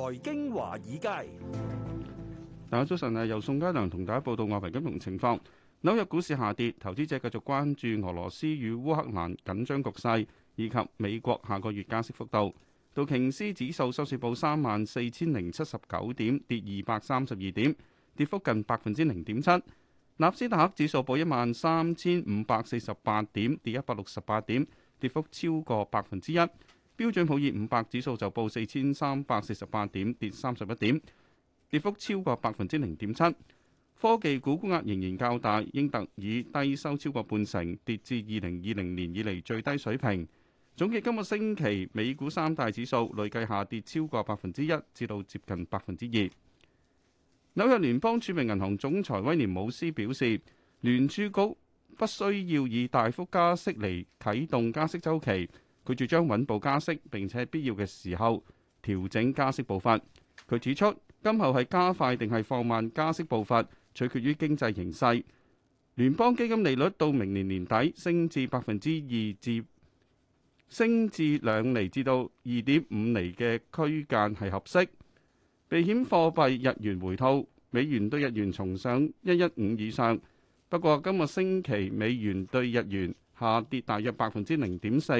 財經華爾街。大家早晨啊！由宋佳良同大家報道外圍金融情況。紐約股市下跌，投資者繼續關注俄羅斯與烏克蘭緊張局勢以及美國下個月加息幅度。道瓊斯指數收市報三萬四千零七十九點，跌二百三十二點，跌幅近百分之零點七。納斯達克指數報一萬三千五百四十八點，跌一百六十八點，跌幅超過百分之一。標準普爾五百指數就報四千三百四十八點，跌三十一點，跌幅超過百分之零點七。科技股沽壓仍然較大，英特爾低收超過半成，跌至二零二零年以嚟最低水平。總結今個星期美股三大指數累計下跌超過百分之一，至到接近百分之二。紐約聯邦儲備銀行總裁威廉姆斯表示，聯儲局不需要以大幅加息嚟啟動加息周期。佢仲將穩步加息，並且必要嘅時候調整加息步伐。佢指出，今後係加快定係放慢加息步伐，取決於經濟形勢。聯邦基金利率到明年年底升至百分之二至升至兩釐至到二點五釐嘅區間係合適。避險貨幣日元回吐，美元對日元重上一一五以上。不過，今個星期美元對日元下跌大約百分之零點四。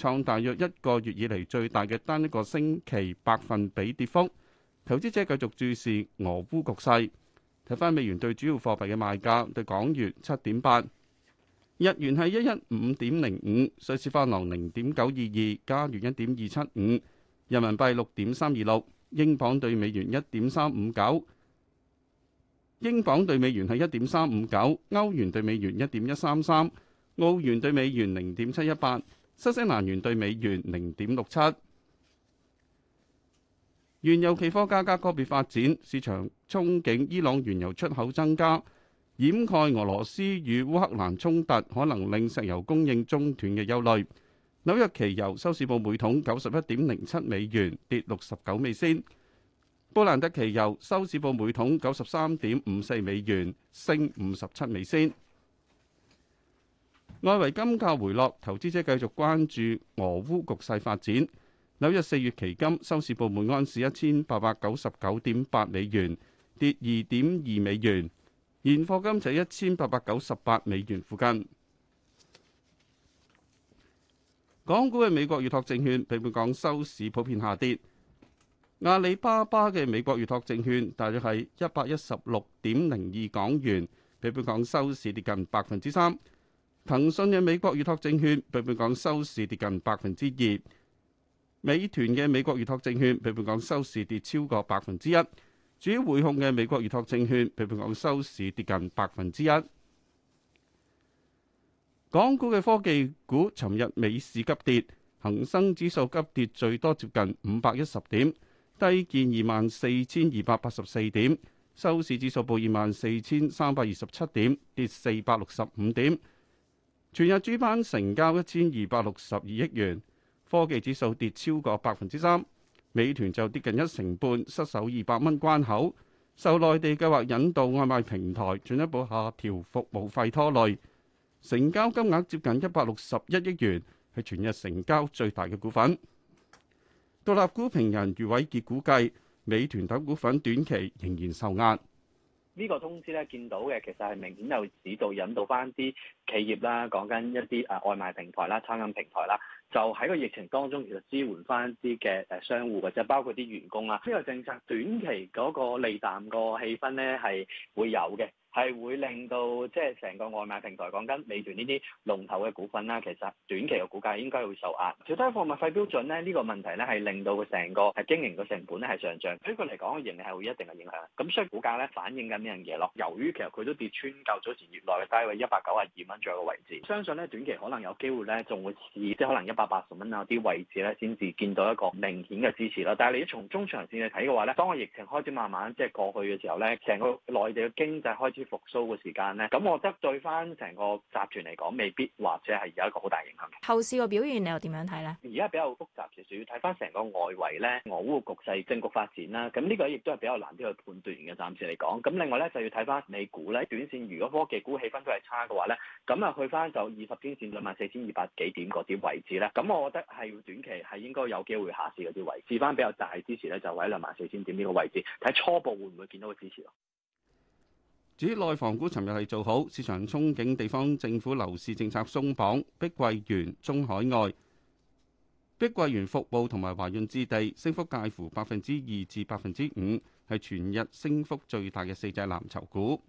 創大約一個月以嚟最大嘅單一個星期百分比跌幅。投資者繼續注視俄烏局勢。睇返美元對主要貨幣嘅賣價，對港元七點八，日元係一一五點零五，瑞士法郎零點九二二，加元一點二七五，人民幣六點三二六，英鎊對美元一點三五九，英鎊對美元係一點三五九，歐元對美元一點一三三，澳元對美元零點七一八。新西蘭元對美元零點六七，原油期貨價格個別發展，市場憧憬伊朗原油出口增加，掩蓋俄羅斯與烏克蘭衝突可能令石油供應中斷嘅憂慮。紐約期油收市報每桶九十一點零七美元，跌六十九美仙。布蘭特期油收市報每桶九十三點五四美元，升五十七美仙。外圍金價回落，投資者繼續關注俄烏局勢發展。紐約四月期金收市報每安士一千八百九十九點八美元，跌二點二美元。現貨金就一千八百九十八美元附近。港股嘅美國預託證券，比本港收市普遍下跌。阿里巴巴嘅美國預託證券大約係一百一十六點零二港元，比本港收市跌近百分之三。騰訊嘅美國預托證券，比本港收市跌近百分之二；美團嘅美國預托證券，比本港收市跌超過百分之一；主要匯控嘅美國預托證券，比本港收市跌近百分之一。港股嘅科技股尋日美市急跌，恒生指數急跌最多接近五百一十點，低見二萬四千二百八十四點，收市指數報二萬四千三百二十七點，跌四百六十五點。全日主板成交一千二百六十二億元，科技指數跌超過百分之三，美團就跌近一成半，失守二百蚊關口，受內地計劃引導外賣平台進一步下調服務費拖累，成交金額接近一百六十一億元，係全日成交最大嘅股份。獨立股評人余偉傑估計，美團等股份短期仍然受壓。呢個通知咧，見到嘅其實係明顯有指導引導翻啲企業啦，講緊一啲誒外賣平台啦、餐飲平台啦，就喺個疫情當中其實支援翻啲嘅誒商戶或者包括啲員工啦。呢個政策短期嗰個利淡個氣氛咧係會有嘅。係會令到即係成個外賣平台講緊，美團呢啲龍頭嘅股份啦，其實短期嘅股價應該會受壓。最低貨物費標準咧，呢個問題咧係令到佢成個係經營嘅成本咧係上漲，對佢嚟講嘅盈利係會有一定嘅影響。咁所以股價咧反映緊呢樣嘢咯。由於其實佢都跌穿夠早前月內嘅低位一百九十二蚊左右嘅位置，相信咧短期可能有機會咧仲會試即係可能一百八十蚊啊啲位置咧先至見到一個明顯嘅支持咯。但係你從中長線嚟睇嘅話咧，當個疫情開始慢慢即係過去嘅時候咧，成個內地嘅經濟開始。復甦嘅時間咧，咁我覺得對翻成個集團嚟講，未必或者係有一個好大影響嘅。後市個表現你又點樣睇咧？而家比較複雜，就係要睇翻成個外圍咧，俄烏局勢、政局發展啦。咁呢個亦都係比較難啲去判斷嘅，暫時嚟講。咁另外咧就要睇翻美股咧，短線如果科技股氣氛都係差嘅話咧，咁啊去翻就二十天線兩萬四千二百幾點嗰啲位置咧，咁我覺得係短期係應該有機會下試嗰啲位置。試翻比較大支持咧，就喺兩萬四千點呢個位置，睇初步會唔會見到個支持咯。至於內房股尋日係做好，市場憧憬地方政府樓市政策鬆綁，碧桂園、中海外、碧桂園服務同埋華潤置地升幅介乎百分之二至百分之五，係全日升幅最大嘅四隻藍籌股。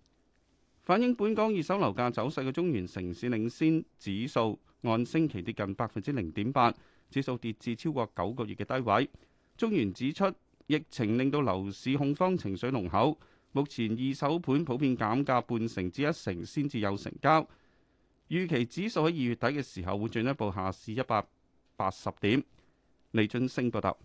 反映本港二手樓價走勢嘅中原城市領先指數按星期跌近百分之零點八，指數跌至超過九個月嘅低位。中原指出，疫情令到樓市恐慌情緒濃厚。目前二手盤普遍減價半成至一成先至有成交，預期指數喺二月底嘅時候會進一步下試一百八十點。李俊升報道。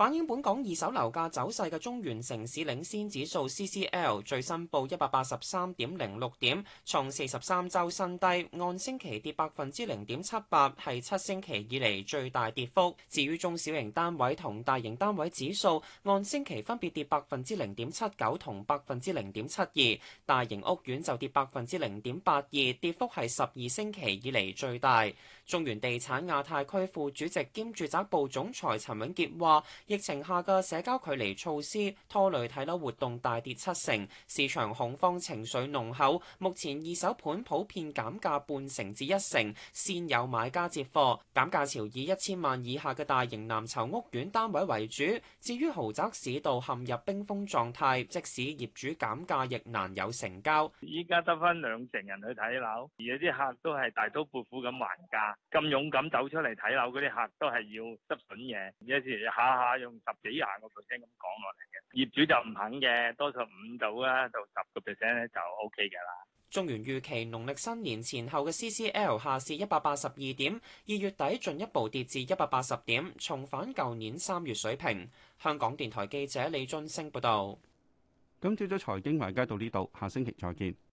反映本港二手樓價走勢嘅中原城市領先指數 CCL 最新報一百八十三點零六點，創四十三周新低，按星期跌百分之零點七八，係七星期以嚟最大跌幅。至於中小型單位同大型單位指數，按星期分別跌百分之零點七九同百分之零點七二，大型屋苑就跌百分之零點八二，跌幅係十二星期以嚟最大。中原地產亞太區副主席兼住宅部總裁陳永杰話，疫情下嘅社交距離措施拖累睇樓活動大跌七成，市場恐慌情緒濃厚。目前二手盤普遍減價半成至一成，先有買家接貨。減價潮以一千萬以下嘅大型藍籌屋苑單位為主。至於豪宅市道陷入冰封狀態，即使業主減價亦難有成交。依家得翻兩成人去睇樓，而有啲客都係大刀闊斧咁還價。.咁勇敢走出嚟睇樓嗰啲客都，都係要執筍嘢。一時下下用十幾廿個 percent 咁講落嚟嘅，業主就唔肯嘅，多數五到啦到十個 percent 咧就 O K 嘅啦。中原預期農曆新年前後嘅 C C L 下市一百八十二點，二月底進一步跌至一百八十點，重返舊年三月水平。香港電台記者李俊升報導。咁朝早財經華爾街到呢度，下星期再見。